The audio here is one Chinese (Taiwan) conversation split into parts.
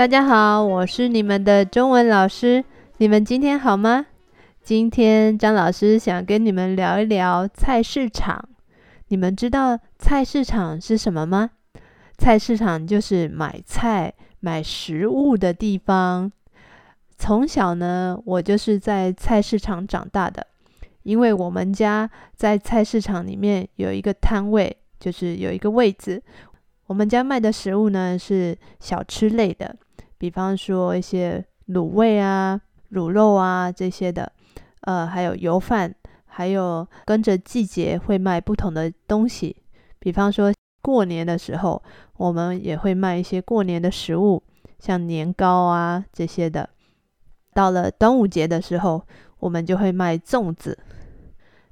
大家好，我是你們的中文老師。你們今天好嗎？今天張老師想跟你們聊一聊菜市場。你們知道菜市場是什麼嗎？菜市場就是買菜、買食物的地方。從小呢，我就是在菜市場長大的，因為我們家在菜市場裡面有一個攤位，就是有一個位置。我們家賣的食物呢，是小吃類的。比方說一些滷味啊、滷肉啊這些的，呃，還有油飯，還有跟着季節會賣不同的東西。比方說過年的時候，我們也會賣一些過年的食物，像年糕啊這些的。到了端午節的時候，我們就會賣粽子；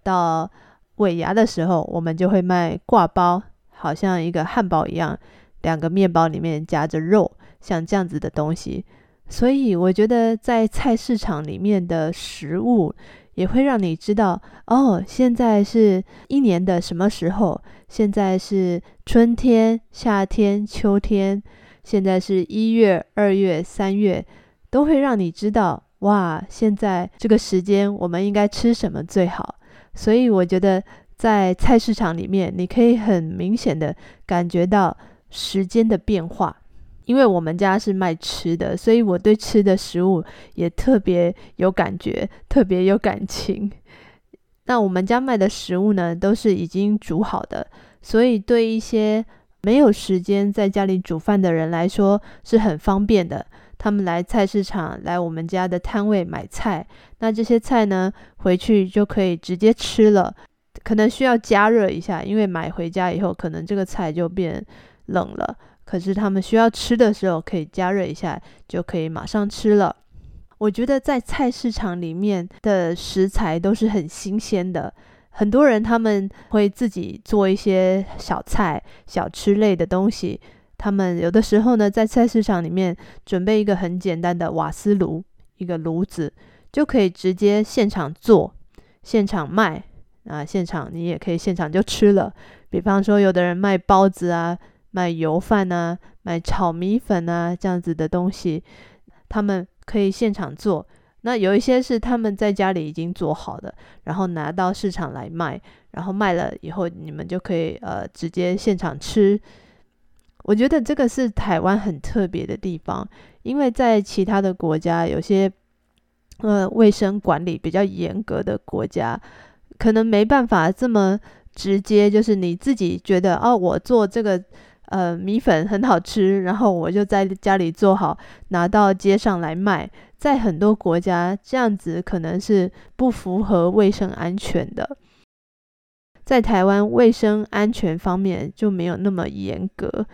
到尾牙的時候，我們就會賣刈包，好像一個漢堡一樣，兩個麵包裡面夾着肉。像這樣子的東西，所以我覺得在菜市場裡面的食物也會讓你知道哦。現在是一年的什麼時候？現在是春天、夏天、秋天。現在是一月、二月、三月，都會讓你知道哇。現在這個時間我們應該吃什麼最好？所以我覺得在菜市場裡面，你可以很明顯的感覺到時間的變化。因為我們家是賣吃的，所以我對吃的食物也特別有感覺，特別有感情。那我們家賣的食物呢，都是已經煮好的，所以對一些沒有時間在家裡煮飯的人來說是很方便的。他們來菜市場，來我們家的攤位買菜，那這些菜呢，回去就可以直接吃了，可能需要加熱一下，因為買回家以後可能這個菜就變冷了。可是他們需要吃的時候，可以加熱一下，就可以馬上吃了。我覺得在菜市場裡面的食材都是很新鮮的。很多人他們會自己做一些小菜、小吃類的東西。他們有的時候呢，在菜市場裡面準備一個很簡單的瓦斯爐，一個爐子就可以直接現場做、現場賣啊。現場你也可以現場就吃了。比方說，有的人賣包子啊。買油飯啊，買炒米粉啊，這樣子的東西，他們可以現場做。那有一些是他們在家裡已經做好的，然後拿到市場來賣。然後賣了以後，你們就可以呃直接現場吃。我覺得這個是台灣很特別的地方，因為在其他的國家，有些呃衛生管理比較嚴格的國家，可能沒辦法這麼直接，就是你自己覺得哦、啊，我做這個。呃，米粉很好吃，然後我就在家裡做好，拿到街上來賣。在很多國家，這樣子可能是不符合衛生安全的。在台灣，衛生安全方面就沒有那麼嚴格，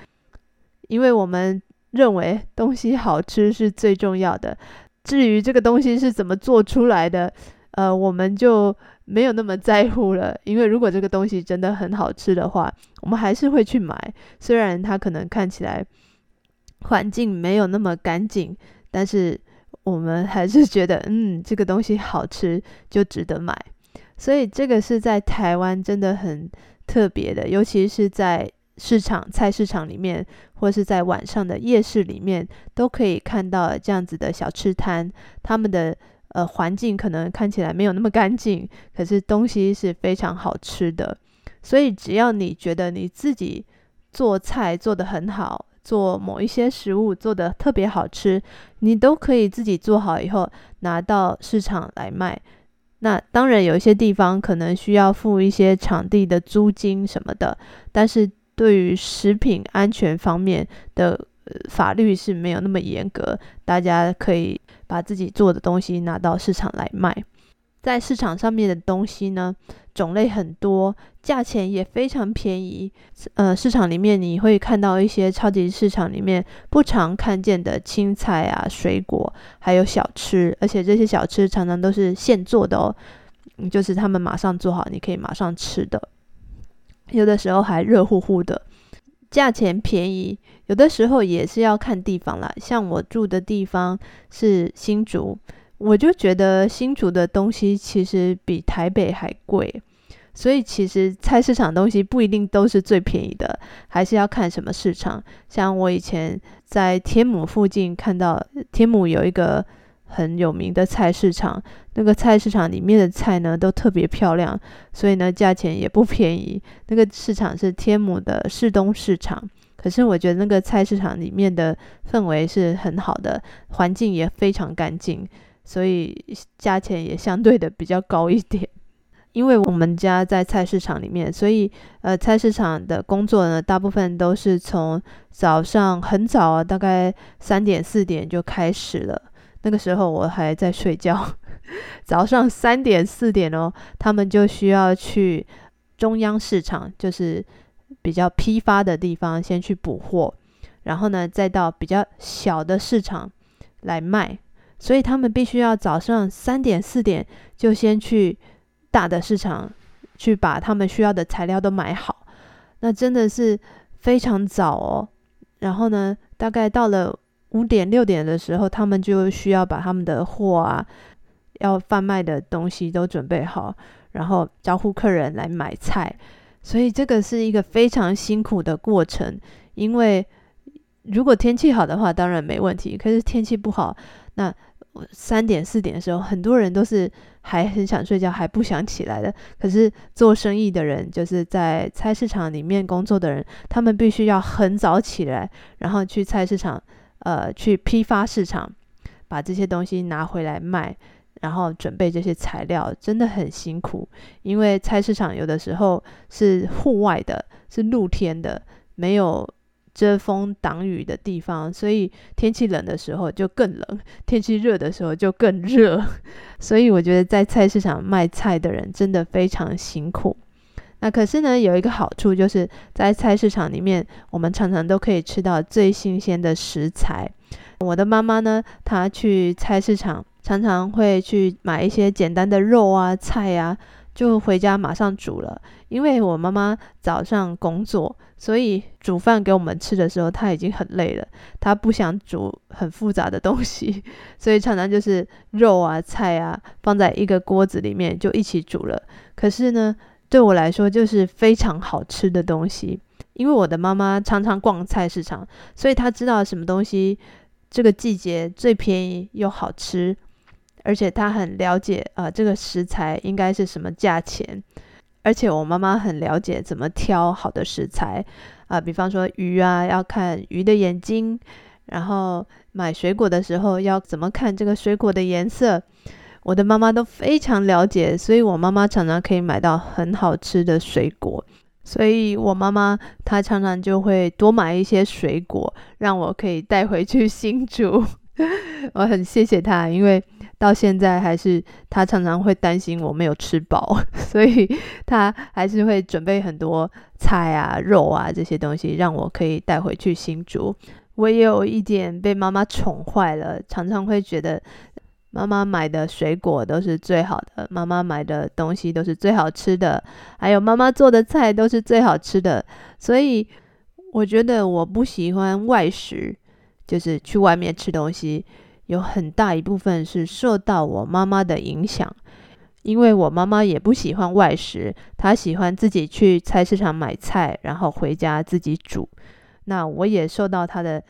因為我們認為東西好吃是最重要的。至於這個東西是怎麼做出來的，呃，我們就。沒有那麼在乎了，因為如果這個東西真的很好吃的話，我們還是會去買。雖然它可能看起來環境沒有那麼乾淨，但是我們還是覺得，嗯，這個東西好吃就值得買。所以這個是在台灣真的很特別的，尤其是在市場、菜市場裡面，或是在晚上的夜市裡面，都可以看到這樣子的小吃攤，他們的。呃，環境可能看起來沒有那麼乾淨，可是東西是非常好吃的。所以只要你覺得你自己做菜做得很好，做某一些食物做得特別好吃，你都可以自己做好以後拿到市場來賣。那當然，有一些地方可能需要付一些場地的租金什麼的，但是對於食品安全方面的。呃，法律是沒有那麼嚴格，大家可以把自己做的東西拿到市場來賣。在市場上面的東西呢，種類很多，價錢也非常便宜。呃，市場裡面你會看到一些超級市場裡面不常看見的青菜啊、水果，還有小吃，而且這些小吃常常都是現做的哦，就是他們馬上做好，你可以馬上吃的。有的時候還熱乎乎的。價錢便宜，有的時候也是要看地方啦。像我住的地方是新竹，我就覺得新竹的東西其實比台北還貴，所以其實菜市場東西不一定都是最便宜的，還是要看什麼市場。像我以前在天母附近看到天母有一個。很有名的菜市場，那個菜市場裡面的菜呢，都特別漂亮，所以呢價錢也不便宜。那個市場是天母的市東市場，可是我覺得那個菜市場裡面的氛圍是很好的，環境也非常乾淨，所以價錢也相對的比較高一點。因為我們家在菜市場裡面，所以呃菜市場的工作呢，大部分都是從早上很早啊，大概三點四點就開始了。那個時候我還在睡覺，早上三點四點哦，他們就需要去中央市場，就是比較批發的地方先去補貨，然後呢再到比較小的市場來賣，所以他們必須要早上三點四點就先去大的市場去把他們需要的材料都買好，那真的是非常早哦。然後呢，大概到了。五點六點的時候，他們就需要把他們的貨啊，要販賣的東西都準備好，然後招呼客人來買菜。所以這個是一個非常辛苦的過程。因為如果天氣好的話，當然沒問題；可是天氣不好，那三點四點的時候，很多人都是還很想睡覺，還不想起來的。可是做生意的人，就是在菜市場裡面工作的人，他們必須要很早起來，然後去菜市場。呃，去批發市場把這些東西拿回來賣，然後準備這些材料，真的很辛苦。因為菜市場有的時候是戶外的，是露天的，沒有遮風擋雨的地方，所以天氣冷的時候就更冷，天氣熱的時候就更熱。所以我覺得在菜市場賣菜的人真的非常辛苦。那、啊、可是呢，有一個好處就是在菜市場裡面，我們常常都可以吃到最新鮮的食材。我的媽媽呢，她去菜市場常常會去買一些簡單的肉啊、菜啊，就回家馬上煮了。因為我媽媽早上工作，所以煮飯給我們吃的時候，她已經很累了，她不想煮很複雜的東西，所以常常就是肉啊、菜啊放在一個鍋子裡面就一起煮了。可是呢，對我來說就是非常好吃的東西，因為我的媽媽常常逛菜市場，所以她知道什麼東西這個季節最便宜又好吃，而且她很了解啊、呃、這個食材應該是什麼價錢，而且我媽媽很了解怎麼挑好的食材啊、呃，比方說魚啊要看魚的眼睛，然後買水果的時候要怎麼看這個水果的顏色。我的媽媽都非常了解，所以我媽媽常常可以買到很好吃的水果，所以我媽媽她常常就會多買一些水果，讓我可以帶回去新竹 我很謝謝她，因為到現在還是她常常會擔心我沒有吃飽，所以她還是會準備很多菜啊、肉啊這些東西，讓我可以帶回去新竹。我也有一點被媽媽寵壞了，常常會覺得。媽媽買的水果都是最好的，媽媽買的東西都是最好吃的，還有媽媽做的菜都是最好吃的。所以我覺得我不喜歡外食，就是去外面吃東西，有很大一部分是受到我媽媽的影響。因為我媽媽也不喜歡外食，她喜歡自己去菜市場買菜，然後回家自己煮。那我也受到她的。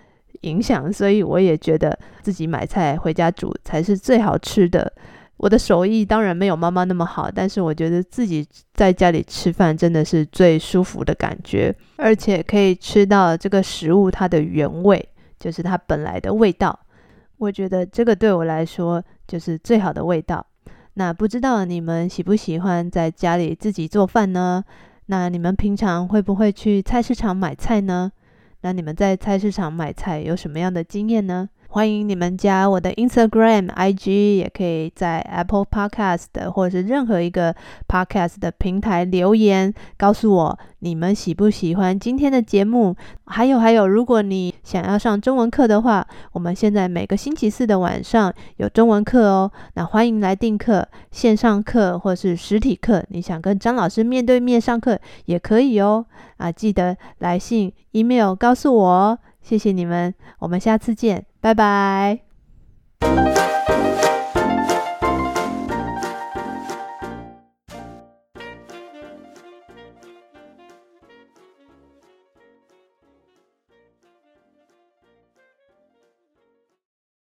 影響，所以我也覺得自己買菜回家煮才是最好吃的。我的手藝當然沒有媽媽那麼好，但是我覺得自己在家裡吃飯真的是最舒服的感覺，而且可以吃到這個食物它的原味，就是它本來的味道。我覺得這個對我來說就是最好的味道。那不知道你們喜不喜歡在家裡自己做飯呢？那你們平常會不會去菜市場買菜呢？那你們在菜市場買菜有什麼樣的經驗呢？歡迎你們加我的 Instagram，IG 也可以在 Apple Podcast 或者是任何一個 Podcast 的平台留言，告訴我你們喜不喜歡今天的節目。還有還有，如果你想要上中文課的話，我們現在每個星期四的晚上有中文課哦。那歡迎來訂課，線上課或是實體課，你想跟張老師面對面上課也可以哦。啊，記得來信 Email 告訴我哦。謝謝你們，我們下次見。拜拜。